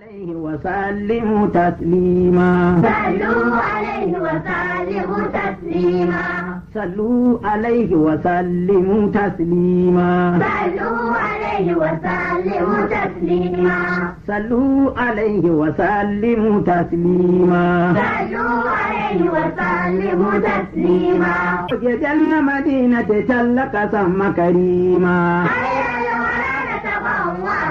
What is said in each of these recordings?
عليه وسلموا تسليما صلوا عليه وسلموا تسليما صلوا عليه وسلموا تسليما صلوا عليه وسلموا تسليما صلوا عليه وسلموا تسليما صلوا عليه وسلموا تسليما وجدنا مدينة تلك سم كريما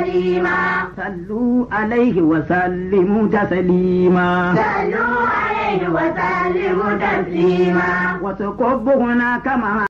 سليما صلوا عليه وسلموا تسليما صلوا عليه وسلموا تسليما وتكب هناك